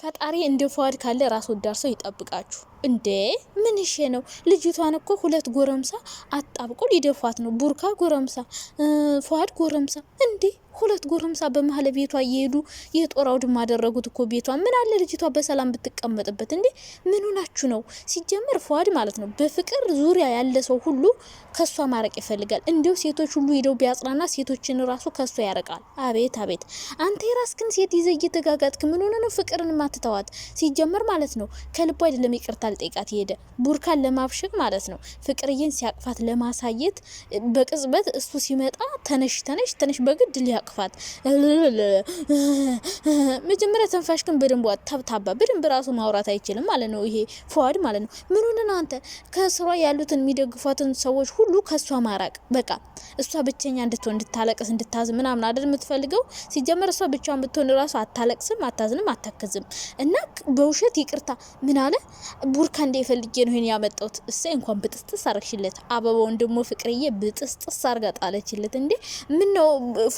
ፈጣሪ እንደ ፈዋድ ካለ ራስ ወዳድ ሰው ይጠብቃችሁ። እንዴ ምን እሺ ነው? ልጅቷን እኮ ሁለት ጎረምሳ አጣብቆ ሊደፏት ነው። ቡርካ ጎረምሳ፣ ፈዋድ ጎረምሳ እንዴ ሁለት ጎረምሳ በመሀል ቤቷ እየሄዱ የጦር አውድማ አደረጉት እኮ ቤቷ። ምን አለ ልጅቷ በሰላም ብትቀመጥበት እንዴ! ምኑ ናችሁ ነው ሲጀመር። ፏድ ማለት ነው በፍቅር ዙሪያ ያለ ሰው ሁሉ ከሷ ማረቅ ይፈልጋል። እንዲው ሴቶች ሁሉ ሄደው ቢያጽናና ሴቶችን ራሱ ከሷ ያረቃል። አቤት አቤት! አንተ የራስክን ሴት ይዘ እየተጋጋጥክ ምን ሆነ ነው ፍቅርን ማትተዋት? ሲጀመር ማለት ነው ከልቡ አይደለም ይቅርታ ልጠይቃት ሄደ ቡርካን ለማብሸቅ ማለት ነው ፍቅርዬን ሲያቅፋት ለማሳየት በቅጽበት እሱ ሲመጣ ተነሽ ተነሽ ተነሽ በግድ ሊያቅ አቅፋት። መጀመሪያ ትንፋሽ ግን በደንብ ተብታባ፣ በደንብ ራሱ ማውራት አይችልም ማለት ነው። ይሄ ፏድ ማለት ነው። ምን ሆነን አንተ ከስሯ ያሉትን የሚደግፏትን ሰዎች ሁሉ ከእሷ ማራቅ፣ በቃ እሷ ብቸኛ እንድትሆን እንድታለቅስ፣ እንድታዝ ምናምን አይደል የምትፈልገው? ሲጀመር እሷ ብቻዋን ብትሆን ራሱ አታለቅስም፣ አታዝንም፣ አታክዝም። እና በውሸት ይቅርታ ምን አለ ቡርካ እንደ የፈልጌ ነው ይሄን ያመጣሁት። እሰይ እንኳን ብጥስጥስ አረግሽለት። አበባውን ደግሞ ፍቅርዬ ብጥስጥስ አርጋ ጣለችለት። እንዴ ምን ነው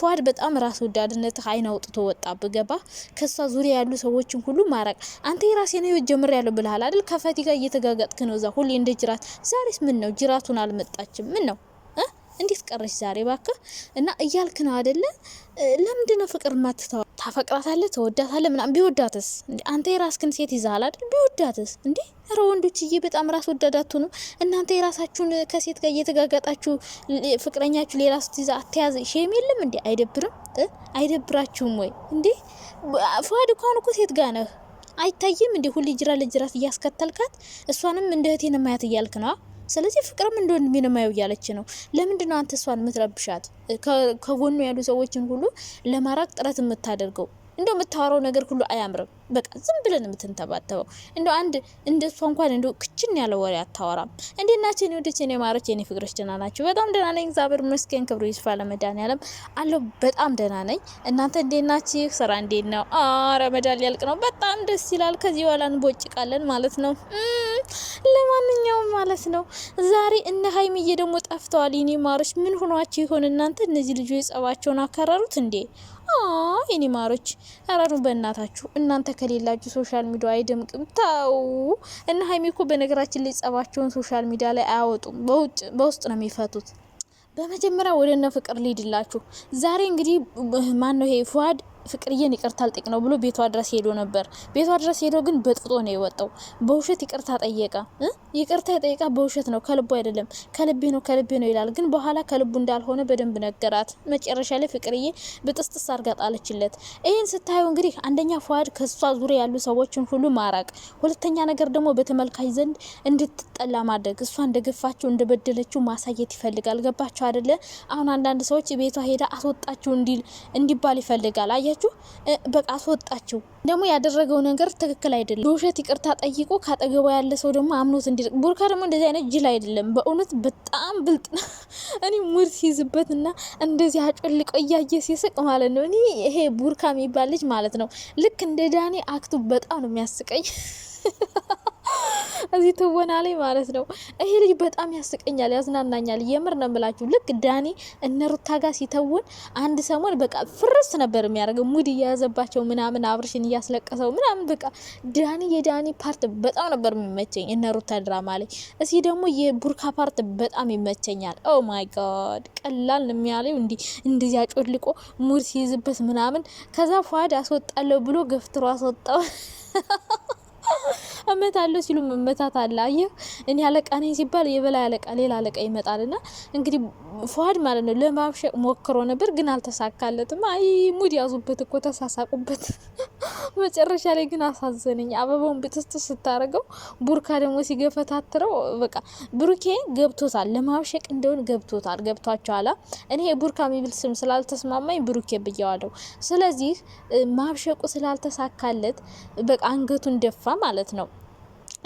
ፏድ በጣም ራስ ወዳድነት አይን አውጥቶ ወጣ። ገባ። ከሷ ዙሪያ ያሉ ሰዎችን ሁሉ ማራቅ አንተ የራሴን ህይወት ጀምር ያለው ብለሃል አይደል? ከፈቲ ጋር እየተጋጋጥክ ነው እዛ ሁሌ እንደ ጅራት። ዛሬስ ምን ነው ጅራቱን አልመጣችም? ምን ነው እንዴት ቀረች ዛሬ ባካ? እና እያልክ ነው አደለ? ለምንድነው ፍቅር ማትተዋል? ታፈቅራታለህ፣ ተወዳታለህ ምናምን ቢወዳትስ? አንተ የራስክን ሴት ይዛሃል አይደል? ቢወዳትስ? እንዴ ኧረ ወንዶችዬ በጣም ራስ ወዳዳችሁ ነው እናንተ። የራሳችሁን ከሴት ጋር እየተጋጋጣችሁ ፍቅረኛችሁ ሌላ ሴት ይዛ አትያዝ፣ ሼም የለም እንዴ? አይደብርም? አይደብራችሁም ወይ እንዴ? ፍዋድ እኳን እኮ ሴት ጋር ነህ አይታይም እንዴ? ሁሌ ጅራ ለጅራት እያስከተልካት እሷንም እንደ እህቴን ማያት እያልክ ነዋ። ስለዚህ ፍቅርም እንደ ወንድሜ ነው የማየው እያለች ነው። አንተ እሷን የምትረብሻት? ከጎኑ ያሉ ሰዎችን ሁሉ ለማራቅ ጥረት የምታደርገው እንደው የምታወራው ነገር ሁሉ አያምርም። በቃ ዝም ብለን የምትንተባተበው እንደ አንድ እንደ እሷ እንኳን እንደ ክችን ያለ ወሬ አታወራም። እንዴት ናቸው የኔ ወደች የኔ ማሮች የኔ ፍቅሮች ደህና ናቸው? በጣም ደህና ነኝ እግዚአብሔር ይመስገን፣ ክብሩ ይስፋ ለመድኃኒዓለም አለው። በጣም ደህና ነኝ። እናንተ እንዴት ናችሁ? ስራ እንዴት ነው? ረመዳን ሊያልቅ ነው። በጣም ደስ ይላል። ከዚህ በኋላ እንቦጭቃለን ማለት ነው። ለማንኛውም ማለት ነው ዛሬ እነ ሀይሚዬ ደግሞ ጠፍተዋል። የኔ ማሮች ምን ሆኗቸው ይሆን እናንተ? እነዚህ ልጆች ጸባቸውን አከረሩት እንዴ? የኔ ማሮች አራሩ በእናታችሁ እናንተ ከሌላችሁ ሶሻል ሚዲያ አይደምቅም። ተው እና ሀይሚ እኮ በነገራችን ላይ ጸባቸውን ሶሻል ሚዲያ ላይ አያወጡም፣ በውጭ በውስጥ ነው የሚፈቱት። በመጀመሪያ ወደ እነ ፍቅር ሊድላችሁ ዛሬ እንግዲህ ማን ነው ይሄ ፏድ ፍቅርዬን ይቅርታ ልጠይቅ ነው ብሎ ቤቷ ድረስ ሄዶ ነበር። ቤቷ ድረስ ሄዶ ግን በጥጦ ነው የወጣው። በውሸት ይቅርታ ጠየቀ። ይቅርታ የጠየቃ በውሸት ነው፣ ከልቡ አይደለም። ከልቤ ነው ከልቤ ነው ይላል፣ ግን በኋላ ከልቡ እንዳልሆነ በደንብ ነገራት። መጨረሻ ላይ ፍቅርዬ ብጥስጥስ አርጋ ጣለችለት። ይህን ስታዩ እንግዲህ አንደኛ ፏድ ከሷ ዙሪያ ያሉ ሰዎችን ሁሉ ማራቅ፣ ሁለተኛ ነገር ደግሞ በተመልካች ዘንድ እንድትጠላ ማድረግ፣ እሷ እንደገፋቸው እንደበደለችው ማሳየት ይፈልጋል። ገባቸው አይደለ? አሁን አንዳንድ ሰዎች ቤቷ ሄዳ አስወጣቸው እንዲባል ይፈልጋል። አያ ካላችሁ በቃ አስወጣችው። ደግሞ ያደረገው ነገር ትክክል አይደለም። በውሸት ይቅርታ ጠይቆ ካጠገቧ ያለ ሰው ደግሞ አምኖት እንዲ ቡርካ ደግሞ እንደዚህ አይነት ጅል አይደለም። በእውነት በጣም ብልጥ ነው። እኔ ሙድ ሲይዝበት እና እንደዚህ አጮልቆ እያየ ሲስቅ ማለት ነው። እኔ ይሄ ቡርካ የሚባል ልጅ ማለት ነው ልክ እንደ ዳኔ አክቱ በጣም ነው የሚያስቀኝ። እዚህ ትወና ላይ ማለት ነው። ይሄ ልጅ በጣም ያስቀኛል፣ ያዝናናኛል። የምር ነው የምላችሁ። ልክ ዳኒ እነ ሩታ ጋር ሲተውን አንድ ሰሞን በቃ ፍርስ ነበር የሚያደርገው ሙድ እየያዘባቸው ምናምን አብርሽን እያስለቀሰው ምናምን በቃ ዳኒ የዳኒ ፓርት በጣም ነበር የሚመቸኝ እነ ሩታ ድራማ ላይ። እዚህ ደግሞ የቡርካ ፓርት በጣም ይመቸኛል። ኦ ማይ ጋድ ቀላል ነው የሚያለው እንዲ እንደዚህ አጮልቆ ሙድ ሲይዝበት ምናምን ከዛ ፏድ አስወጣለሁ ብሎ ገፍትሮ አስወጣው። እመት አለው ሲሉ መመታት አለ። አየህ እኔ አለቃ ነኝ ሲባል የበላይ አለቃ ሌላ አለቃ ይመጣል። ና እንግዲህ ፏድ ማለት ነው ለማብሸቅ ሞክሮ ነበር፣ ግን አልተሳካለትም። አይ ሙድ ያዙበት እኮ ተሳሳቁበት። መጨረሻ ላይ ግን አሳዘነኝ። አበባውን ብጥስጥ ስታደርገው ቡርካ ደግሞ ሲገፈታትረው በቃ ብሩኬ ገብቶታል፣ ለማብሸቅ እንደሆን ገብቶታል፣ ገብቷቸዋል። እኔ ቡርካ የሚብል ስም ስላልተስማማኝ ብሩኬ ብያዋለሁ። ስለዚህ ማብሸቁ ስላልተሳካለት በቃ አንገቱን ደፋ ማለት ነው።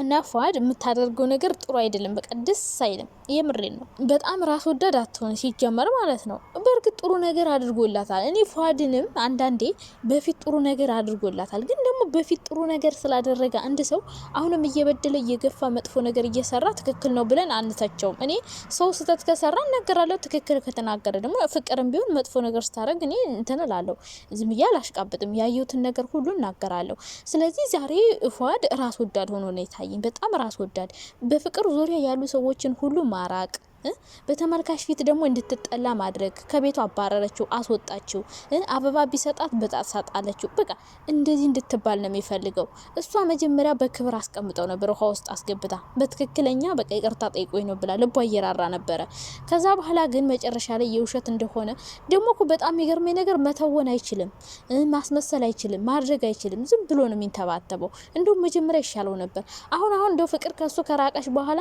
እና ፏድ የምታደርገው ነገር ጥሩ አይደለም። በቃ ደስ አይልም። የምሬን ነው። በጣም ራስ ወዳድ አትሆን ሲጀመር ማለት ነው። በእርግጥ ጥሩ ነገር አድርጎላታል። እኔ ፏድንም አንዳንዴ በፊት ጥሩ ነገር አድርጎላታል። ግን ደግሞ በፊት ጥሩ ነገር ስላደረገ አንድ ሰው አሁንም እየበደለ እየገፋ መጥፎ ነገር እየሰራ ትክክል ነው ብለን አንተቸውም። እኔ ሰው ስህተት ከሰራ እናገራለሁ። ትክክል ከተናገረ ደግሞ ፍቅርም ቢሆን መጥፎ ነገር ስታደረግ እኔ እንትን እላለሁ። ዝም ብዬ አላሽቃብጥም። ያየሁትን ነገር ሁሉ እናገራለሁ። ስለዚህ ዛሬ ፏድ ራስ ወዳድ ሆኖ ሁኔታ የሚታየኝ። በጣም ራስ ወዳድ፣ በፍቅር ዙሪያ ያሉ ሰዎችን ሁሉ ማራቅ በተመልካች ፊት ደግሞ እንድትጠላ ማድረግ፣ ከቤቱ አባረረችው፣ አስወጣችው፣ አበባ ቢሰጣት በጣት ሳጣለችው። በቃ እንደዚህ እንድትባል ነው የሚፈልገው። እሷ መጀመሪያ በክብር አስቀምጠው ነበር፣ ውሃ ውስጥ አስገብታ በትክክለኛ በቃ ይቅርታ ጠይቆኝ ነው ብላ ልቧ እየራራ ነበረ። ከዛ በኋላ ግን መጨረሻ ላይ የውሸት እንደሆነ ደግሞ እኮ በጣም የሚገርመኝ ነገር መተወን አይችልም፣ ማስመሰል አይችልም፣ ማድረግ አይችልም። ዝም ብሎ ነው የሚንተባተበው። እንዲሁም መጀመሪያ ይሻለው ነበር። አሁን አሁን እንደው ፍቅር ከሱ ከራቀች በኋላ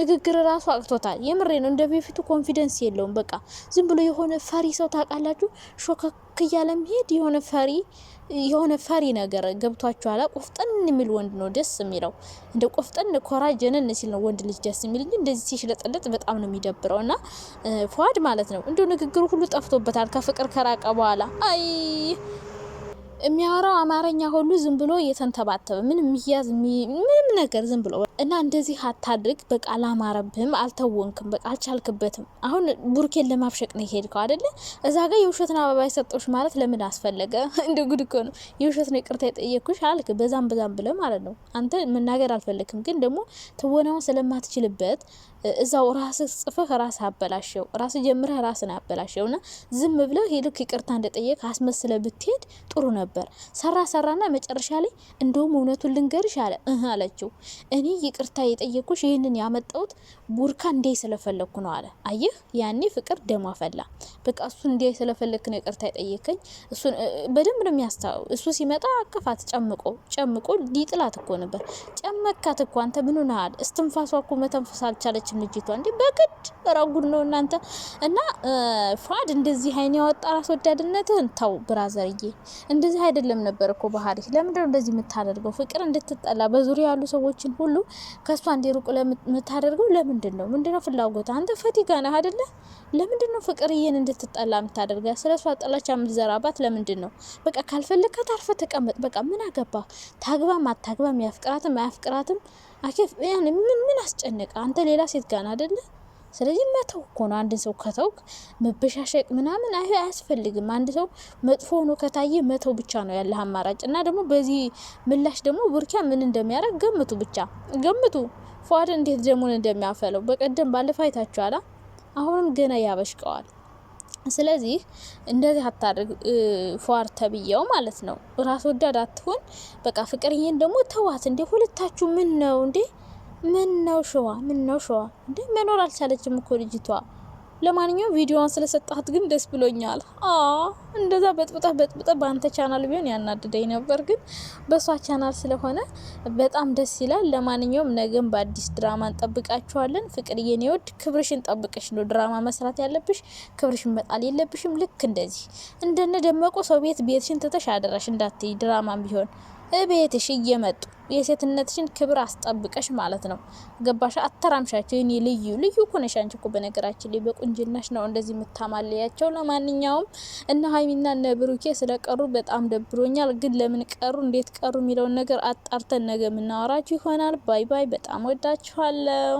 ንግግር ራሱ አቅቶታል። የምሬ ነው። እንደ በፊቱ ኮንፊደንስ የለውም። በቃ ዝም ብሎ የሆነ ፈሪ ሰው ታውቃላችሁ፣ ሾከክ እያለ መሄድ የሆነ ፈሪ የሆነ ፈሪ ነገር ገብቷችኋል። ቆፍጠን የሚል ወንድ ነው ደስ የሚለው። እንደ ቆፍጠን ኮራ ጀነን ሲል ነው ወንድ ልጅ ደስ የሚል እንጂ እንደዚህ ሲሽለጠለጥ በጣም ነው የሚደብረው። እና ፏድ ማለት ነው እንዲሁ ንግግሩ ሁሉ ጠፍቶበታል ከፍቅር ከራቀ በኋላ አይ የሚያወራው አማርኛ ሁሉ ዝም ብሎ እየተንተባተበ ምንም የሚያዝ ምንም ነገር ዝም ብሎ እና እንደዚህ አታድርግ፣ በቃ አላማረብህም፣ አልተወንክም፣ በቃ አልቻልክበትም። አሁን ቡርኬን ለማብሸቅ ነው የሄድከው አደለ? እዛ ጋር የውሸትን አበባ የሰጠች ማለት ለምን አስፈለገ? እንደ ጉድ እኮ ነው። የውሸትን ነው ይቅርታ የጠየቅኩሽ አልክ፣ በዛም በዛም ብለ ማለት ነው። አንተ መናገር አልፈለግም፣ ግን ደግሞ ትወናውን ስለማትችልበት እዛው ራስ ጽፈህ ራስ አበላሸው። ራስ ጀምረህ ራስን አበላሸው። ና ዝም ብለህ ሄልክ ይቅርታ እንደጠየቅ አስመስለ ብትሄድ ጥሩ ነበር። ሰራ ሰራና መጨረሻ ላይ እንደውም እውነቱን ልንገርሽ አለ አለችው እኔ ይቅርታ የጠየኩሽ ይህንን ያመጣሁት ቡርካ እንዴ ስለፈለግኩ ነው አለ። አየህ ያኔ ፍቅር ደም አፈላ። በቃ እሱ እንዴ ስለፈለግክ ነው ይቅርታ የጠየከኝ። እሱን በደንብ ነው የሚያስታው። እሱ ሲመጣ አቀፋት፣ ጨምቆ ጨምቆ ሊጥላት እኮ ነበር። ጨመካት እኮ አንተ ምን ሆነሃል? እስትንፋሷ እኮ መተንፈስ አልቻለችም ልጅቷ። እንዲ በግድ ራጉድ ነው እናንተ እና ፏድ እንደዚህ አይን ያወጣ ራስ ወዳድነትህን ተው ብራዘርዬ። እንደዚህ አይደለም ነበር እኮ ባህሪ። ለምንድነው እንደዚህ የምታደርገው? ፍቅር እንድትጠላ በዙሪያ ያሉ ሰዎችን ሁሉ ከእሷ እንዲሩቅ የምታደርገው ለምንድን ነው? ምንድን ነው ፍላጎት? አንተ ፈቲጋ ነህ አደለ? ለምንድን ነው ፍቅርዬን እንድትጠላ የምታደርገ? ስለ እሷ ጥላቻ የምትዘራባት ለምንድን ነው? በቃ ካልፈልካት አርፈ ተቀመጥ። በቃ ምን አገባ? ታግባም አታግባም፣ ያፍቅራትም አያፍቅራትም፣ አኬፍ ምን ምን አስጨነቀ? አንተ ሌላ ሴት ጋን ነህ አደለ? ስለዚህ መተው እኮ ነው። አንድ ሰው ከተውክ መበሻሸቅ ምናምን አይ አያስፈልግም። አንድ ሰው መጥፎ ሆኖ ከታየ መተው ብቻ ነው ያለህ አማራጭ። እና ደግሞ በዚህ ምላሽ ደግሞ ቡርኪያ ምን እንደሚያደርግ ገምቱ፣ ብቻ ገምቱ። ፏድ እንዴት ደሙን እንደሚያፈለው በቀደም ባለፈ አይታችኋላ። አሁንም ገና ያበሽቀዋል። ስለዚህ እንደዚህ አታድርግ ፏር ተብዬው ማለት ነው። ራስ ወዳድ አትሆን። በቃ ፍቅርዬን ደግሞ ተዋት እንዴ! ሁለታችሁ ምን ነው እንዴ? ምን ነው ሸዋ ምን ነው ሸዋ እንደ መኖር አልቻለችም እኮ ልጅቷ። ለማንኛውም ቪዲዮዋን ስለሰጣት ግን ደስ ብሎኛል። አ እንደዛ በጥብጣ በጥብጣ በአንተ ቻናል ቢሆን ያናድደኝ ነበር፣ ግን በእሷ ቻናል ስለሆነ በጣም ደስ ይላል። ለማንኛውም ነገም በአዲስ ድራማ እንጠብቃችኋለን። ፍቅር የኔ ወድ ክብርሽን ጠብቀሽ ነው ድራማ መስራት ያለብሽ። ክብርሽን መጣል የለብሽም። ልክ እንደዚህ እንደነ ደመቁ ሰው ቤት ቤትሽን ትተሽ አደራሽ እንዳትይ ድራማም ቢሆን እቤትሽ እየመጡ የሴትነትሽን ክብር አስጠብቀሽ ማለት ነው። ገባሽ? አተራምሻቸው የኔ ልዩ ልዩ ኮነሽ። አንቺ እኮ በነገራችን ላይ በቁንጅናሽ ነው እንደዚህ የምታማልያቸው። ለማንኛውም እነ ሀይሚና እነ ብሩኬ ስለቀሩ በጣም ደብሮኛል። ግን ለምን ቀሩ፣ እንዴት ቀሩ የሚለውን ነገር አጣርተን ነገ የምናወራችሁ ይሆናል። ባይ ባይ። በጣም ወዳችኋለሁ።